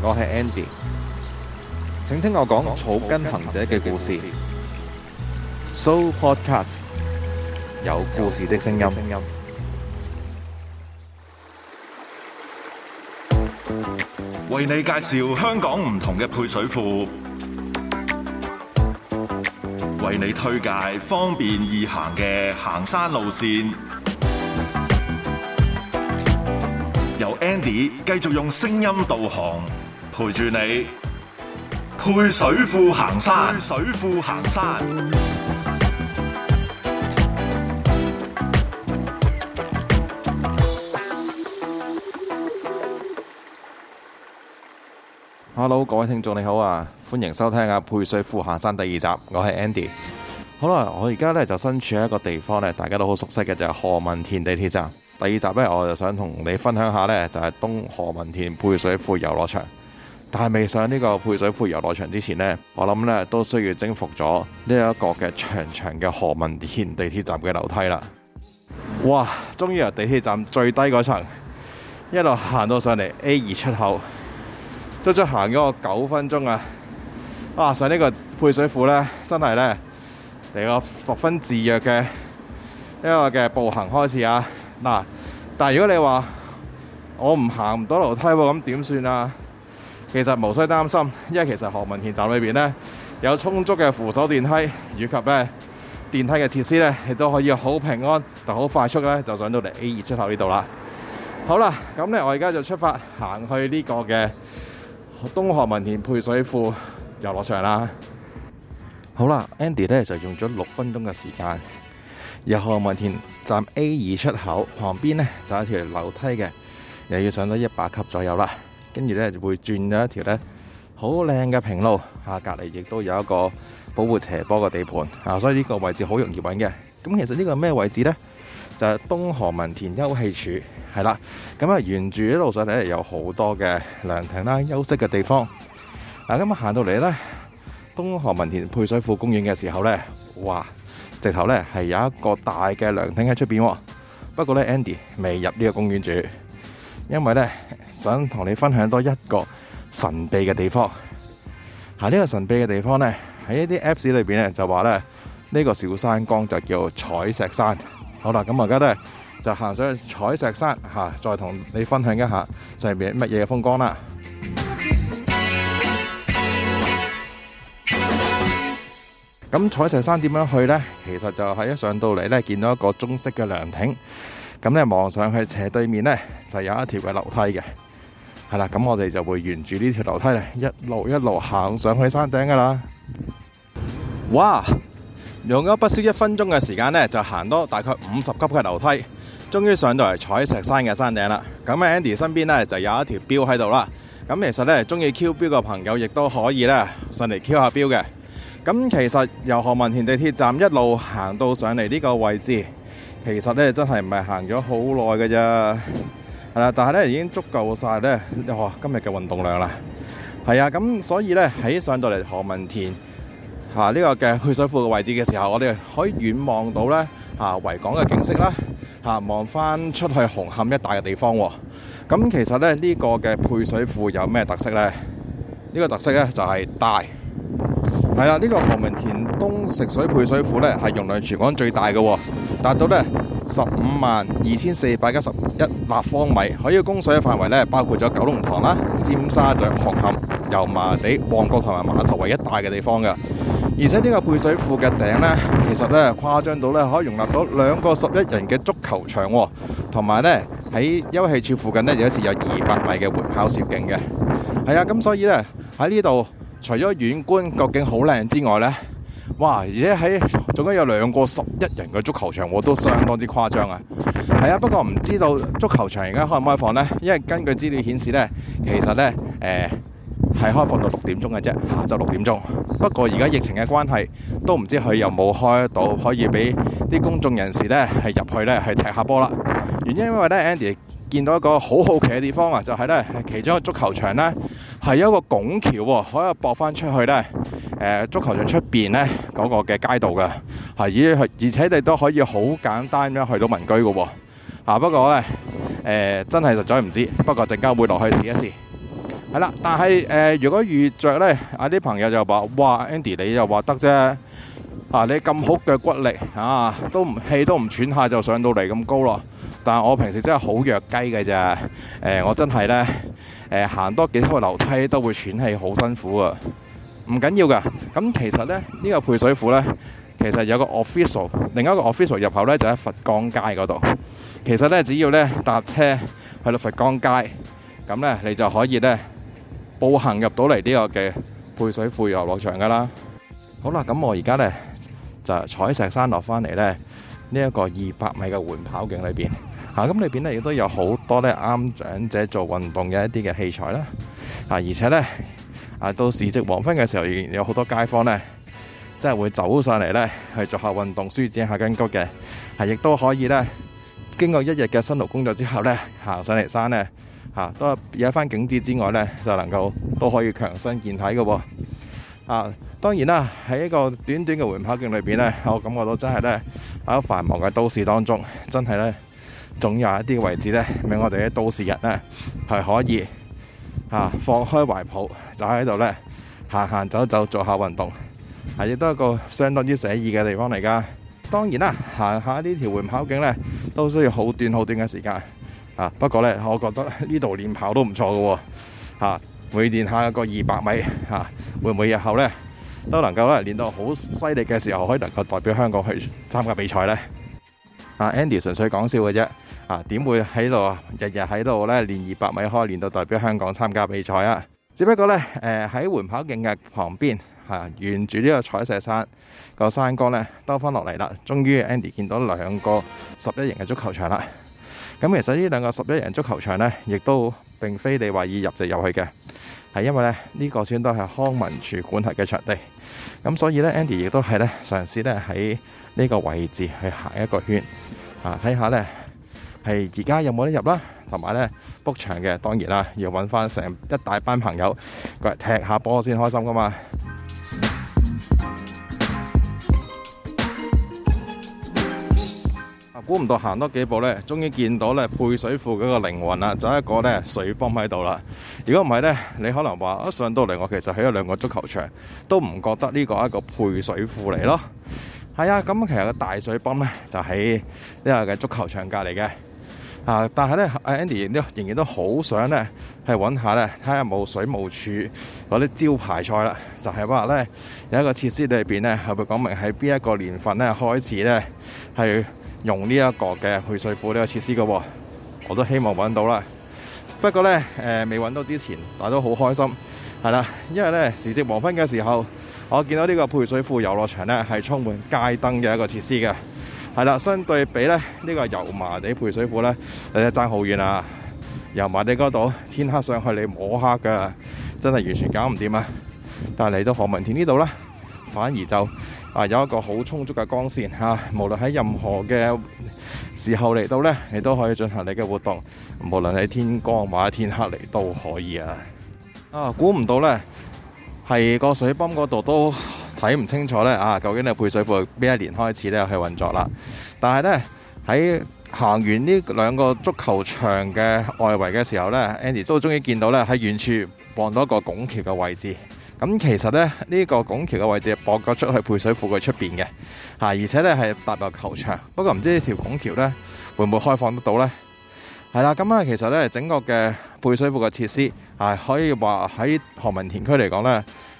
我係 Andy，請聽我講草根行者嘅故，故事。So Podcast 有故，有故事的聲音，為你介紹香港唔同嘅配水庫，為你推介方便易行嘅行山路線。由 Andy 繼續用聲音導航。陪住你，配水庫行山。配水庫行山。Hello，各位聽眾你好啊，歡迎收聽啊《配水庫行山》第二集，我係 Andy。好啦，我而家呢就身處喺一個地方咧，大家都好熟悉嘅就係何文田地鐵站。第二集呢，我就想同你分享下呢就係東何文田配水庫遊樂場。但係未上呢個配水庫遊樂場之前呢，我諗呢都需要征服咗呢一個嘅長長嘅何文田地鐵站嘅樓梯啦。哇！終於由地鐵站最低嗰層一路行到上嚟 A 二出口，足足行咗個九分鐘啊！哇、啊！上呢個配水庫呢，真係呢，嚟個十分炙熱嘅呢個嘅步行開始啊！嗱、啊，但係如果你話我唔行唔到樓梯，咁點算啊？其實無需擔心，因為其實何文田站裏邊呢，有充足嘅扶手電梯，以及呢電梯嘅設施呢，亦都可以好平安同好快速呢，就上到嚟 A 二出口呢度啦。好啦，咁呢我而家就出發行去呢個嘅東何文田配水庫遊樂場啦。好啦，Andy 呢就用咗六分鐘嘅時間由何文田站 A 二出口旁邊呢就有一條樓梯嘅，又要上到一百級左右啦。跟住咧，就會轉咗一條咧好靚嘅平路，啊，隔籬亦都有一個保護斜坡嘅地盤，啊，所以呢個位置好容易揾嘅。咁其實呢個咩位置咧？就係、是、東河文田休憩處，係啦。咁、嗯、啊，沿住一路上咧有好多嘅涼亭啦，休息嘅地方。啊，咁啊行到嚟咧東河文田配水庫公園嘅時候咧，哇！直頭咧係有一個大嘅涼亭喺出邊。不過咧 Andy 未入呢個公園住，因為咧。想同你分享多一個神秘嘅地方。吓，呢個神秘嘅地方呢，喺一啲 Apps 裏邊呢，就話咧呢個小山崗就叫彩石山好了。好啦，咁我而家呢，就行上去彩石山吓，再同你分享一下上面乜嘢嘅風光啦。咁彩石山點樣去呢？其實就係一上到嚟呢，見到一個中式嘅涼亭。咁呢，望上去斜對面呢，就有一條嘅樓梯嘅。係啦，咁我哋就會沿住呢條樓梯咧，一路一路行上去山頂噶啦。哇，用咗不少一分鐘嘅時間呢，就行多大概五十級嘅樓梯，終於上到嚟彩石山嘅山頂啦。咁 Andy 身邊呢，就有一條標喺度啦。咁其實呢，中意 Q 標嘅朋友亦都可以呢上嚟 Q 下標嘅。咁其實由何文田地鐵站一路行到上嚟呢個位置，其實呢，真係唔係行咗好耐嘅啫。係啦，但係咧已經足夠晒咧，哇、哦、今日嘅運動量啦。係啊，咁所以咧，喺上到嚟何文田吓呢個嘅配水庫嘅位置嘅時候，我哋可以遠望到咧吓、啊、維港嘅景色啦，吓、啊、望翻出去紅磡一帶嘅地方、哦。咁其實咧呢、這個嘅配水庫有咩特色咧？呢、這個特色咧就係、是、大。係啦，呢、這個何文田東食水配水庫咧係容量全港最大嘅、哦，達到咧。十五萬二千四百一十一立方米，可以供水嘅範圍咧，包括咗九龍塘啦、尖沙咀、紅磡、油麻地、旺角同埋馬頭圍一帶嘅地方嘅。而且呢個配水庫嘅頂咧，其實咧誇張到咧，可以容納到兩個十一人嘅足球場喎。同埋咧喺休息處附近呢，有一次有二百米嘅緩跑徑嘅。係啊，咁所以咧喺呢度，除咗遠觀，究竟好靚之外咧。哇！而且喺總共有兩個十一人嘅足球場，我都相當之誇張啊。係啊，不過唔知道足球場而家開唔開放呢？因為根據資料顯示呢，其實呢誒係、呃、開放到六點鐘嘅啫，下晝六點鐘。不過而家疫情嘅關係，都唔知佢有冇開到可以俾啲公眾人士呢係入去呢，係踢下波啦。原因因為呢 Andy 見到一個好好奇嘅地方啊，就係、是、呢其中一個足球場呢，係有一個拱橋喎，可以駁返出去呢。誒，足球場出邊咧嗰個嘅街道㗎，係而而且你都可以好簡單咁樣去到民居㗎吓不過咧，誒真係實在唔知，不過陣間、呃、會落去試一試。係啦，但係誒、呃、如果遇着咧，阿、啊、啲朋友就話：哇，Andy 你又話得啫，啊你咁好腳骨力啊，都唔氣都唔喘下就上到嚟咁高咯。但係我平時真係好弱雞嘅啫，誒、呃、我真係咧，誒、呃、行多幾鋪樓梯都會喘氣，好辛苦啊。唔緊要噶，咁其實咧呢個配水庫咧，其實有個 official，另一個 official 入口咧就喺佛光街嗰度。其實咧只要咧搭車去到佛光街，咁咧你就可以咧步行入到嚟呢個嘅配水庫遊樂場噶啦。好啦，咁我而家咧就採石山落翻嚟咧呢一個二百米嘅緩跑徑裏邊，吓咁裏邊咧亦都有好多咧啱長者做運動嘅一啲嘅器材啦，啊而且咧。啊，到時值黃昏嘅時候，有好多街坊咧，真係會走上嚟咧，去做下運動，舒展下筋骨嘅，係、啊、亦都可以咧。經過一日嘅辛勞工作之後咧，行上嚟山咧，嚇、啊、都有一番景致之外咧，就能夠都可以強身健體嘅、啊。啊，當然啦，喺一個短短嘅緩跑徑裏邊咧，我感覺到真係咧喺繁忙嘅都市當中，真係咧總有一啲位置咧，俾我哋嘅都市人咧係可以。吓，放開懷抱，就喺度咧行行走走，走，做下運動，係亦都係一個相當之寫意嘅地方嚟噶。當然啦，行下呢條緩跑徑咧，都需要好短好短嘅時間。啊，不過咧，我覺得呢度練跑都唔錯嘅。吓，每練下一個二百米，吓，會唔會日後咧都能夠咧練到好犀利嘅時候，可以能夠代表香港去參加比賽咧？啊，Andy 純粹講笑嘅啫，啊點會喺度日日喺度咧練二百米開，練到代表香港參加比賽啊？只不過咧，誒喺緩跑徑嘅旁邊，吓、啊、沿住呢個彩石山個山崗咧兜翻落嚟啦，終於 Andy 見到兩個十一型嘅足球場啦。咁其實呢兩個十一型足球場咧，亦都並非你話要入就入去嘅，係因為咧呢、呢個先都係康文署管轄嘅場地。咁所以咧，Andy 亦都係咧嘗試咧喺呢個位置去行一個圈，啊，睇下咧係而家有冇得入啦，同埋咧 book 場嘅，當然啦，要搵翻成一大班朋友過嚟踢下波先開心噶嘛。估唔到行多幾步咧，終於見到咧配水庫嗰個靈魂啦，就一個咧水泵喺度啦。如果唔係咧，你可能話一上到嚟，我其實喺兩個足球場都唔覺得呢個係一個配水庫嚟咯。係啊，咁其實個大水泵咧就喺、是、呢個嘅足球場隔離嘅啊。但係咧，Andy，仍然都好想咧係揾下咧，睇下冇水務處嗰啲招牌菜啦，就係話咧有一個設施裏邊咧，係會講明喺邊一個年份咧開始咧係。用呢一個嘅配水庫呢個設施嘅、哦，我都希望揾到啦。不過咧，誒未揾到之前，大家都好開心，係啦。因為咧，時值黃昏嘅時候，我見到呢個配水庫遊樂場咧係充滿街燈嘅一個設施嘅，係啦。相對比咧，呢、呢個油麻地配水庫咧，你都爭好遠啊。油麻地嗰度天黑上去你摸黑嘅，真係完全搞唔掂啊！但係嚟到何文田這裡呢度咧，反而就～啊，有一個好充足嘅光線吓，啊，無論喺任何嘅時候嚟到呢，你都可以進行你嘅活動，無論喺天光或者天黑嚟都可以啊！啊，估唔到呢係個水泵嗰度都睇唔清楚呢啊！究竟你配水庫邊一年開始咧去運作啦？但係呢，喺行完呢兩個足球場嘅外圍嘅時候呢 Andy 都終於見到呢喺遠處望到一個拱橋嘅位置。咁其實咧，呢個拱橋嘅位置駁咗出去，配水庫嘅出邊嘅而且咧係搭入球場。不過唔知條呢條拱橋咧會唔會開放得到咧？係啦，咁啊，其實咧整個嘅配水庫嘅設施，可以話喺何文田區嚟講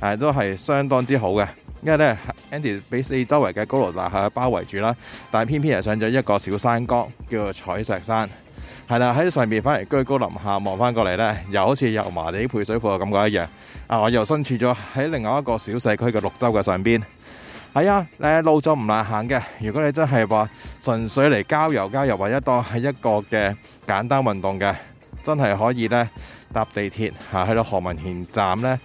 咧都係相當之好嘅，因為咧 Andy 俾四周圍嘅高樓大廈包圍住啦，但偏偏係上咗一個小山崗，叫做彩石山。係啦，喺上面反而居高臨下望返過嚟呢，又好似油麻地配水庫嘅感覺一樣。啊，我又身處咗喺另外一個小社區嘅綠洲嘅上邊。係啊，你誒，路咗唔難行嘅。如果你真係話純粹嚟郊遊郊遊，或者一當係一個嘅簡單運動嘅，真係可以呢搭地鐵吓，喺、啊、度何文田站呢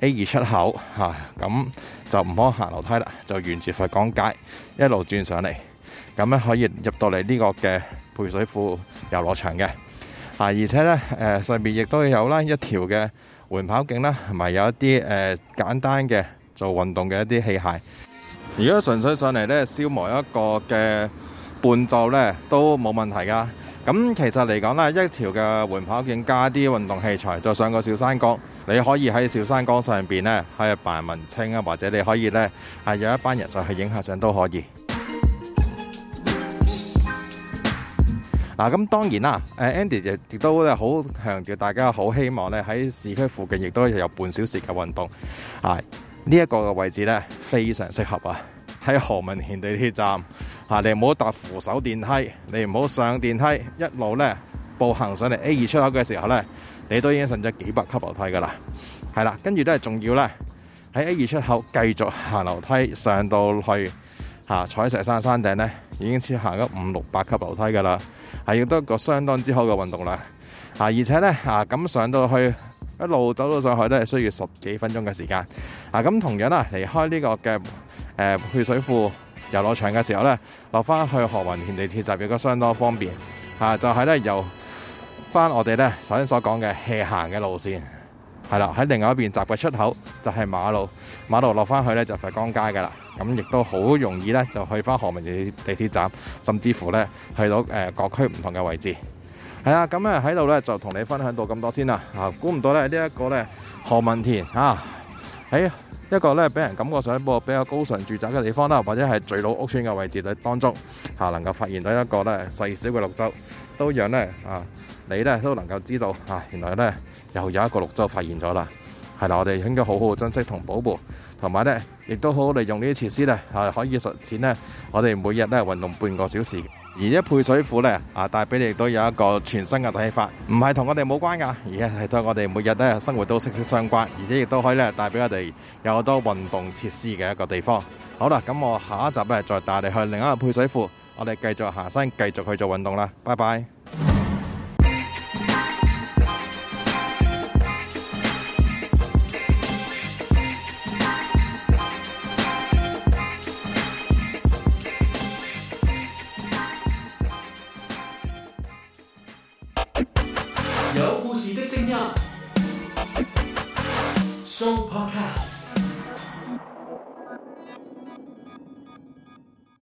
A 二出口吓，咁、啊、就唔好行樓梯啦，就沿住佛光街一路轉上嚟。咁咧可以入到嚟呢個嘅配水庫遊樂場嘅，啊而且呢誒、呃、上面亦都有啦一條嘅緩跑徑啦，同埋有一啲誒、呃、簡單嘅做運動嘅一啲器械。如果純粹上嚟呢，消磨一個嘅伴奏呢都冇問題噶。咁其實嚟講呢一條嘅緩跑徑加啲運動器材，再上個小山崗，你可以喺小山崗上邊呢，喺度扮文青啊，或者你可以呢，啊有一班人上去影下相都可以。嗱，咁當然啦，誒 Andy 亦都咧好強調，大家好希望咧喺市區附近，亦都有半小時嘅運動。啊，呢一個嘅位置咧，非常適合啊！喺何文田地鐵站，嚇你唔好搭扶手電梯，你唔好上電梯，一路咧步行上嚟 A 二出口嘅時候咧，你都已經上咗幾百級樓梯噶啦，係啦，跟住都係仲要啦，喺 A 二出口繼續行樓梯上到去。吓、啊，彩石山山頂咧，已經要行咗五六百級樓梯噶啦，係、啊、都得一個相當之好嘅運動啦、啊、而且咧吓，咁上到去，一路走到上去都係需要十幾分鐘嘅時間。啊，咁、啊、同樣啦，離開呢個嘅誒，去、呃、水庫遊樂場嘅時候咧，落翻去何文田地鐵站亦都相當方便。啊、就係、是、咧由翻我哋咧首先所講嘅起行嘅路線。係啦，喺另外一邊閘嘅出口就係馬路，馬路落翻去咧就佛光街噶啦。咁亦都好容易咧就去翻何文田地鐵站，甚至乎咧去到誒各區唔同嘅位置。係啦，咁啊喺度咧就同你分享到咁多先啦。啊，估唔到咧呢一個咧何文田啊喺一個咧俾人感覺上一個比較高尚住宅嘅地方啦，或者係最老屋村嘅位置咧當中，吓能夠發現到一個咧細小嘅綠洲，都讓咧啊你咧都能夠知道啊原來咧。又有一個綠洲發現咗啦，係啦，我哋應該好好珍惜同保護，同埋咧，亦都好好利用呢啲設施咧，係可以實踐咧，我哋每日咧運動半個小時。而一配水庫咧，啊帶俾你亦都有一個全新嘅睇法，唔係同我哋冇關噶，而係對我哋每日咧生活都息息相關，而且亦都可以咧帶俾我哋有好多運動設施嘅一個地方。好啦，咁我下一集咧再帶你去另一個配水庫，我哋繼續行山，繼續去做運動啦，拜拜。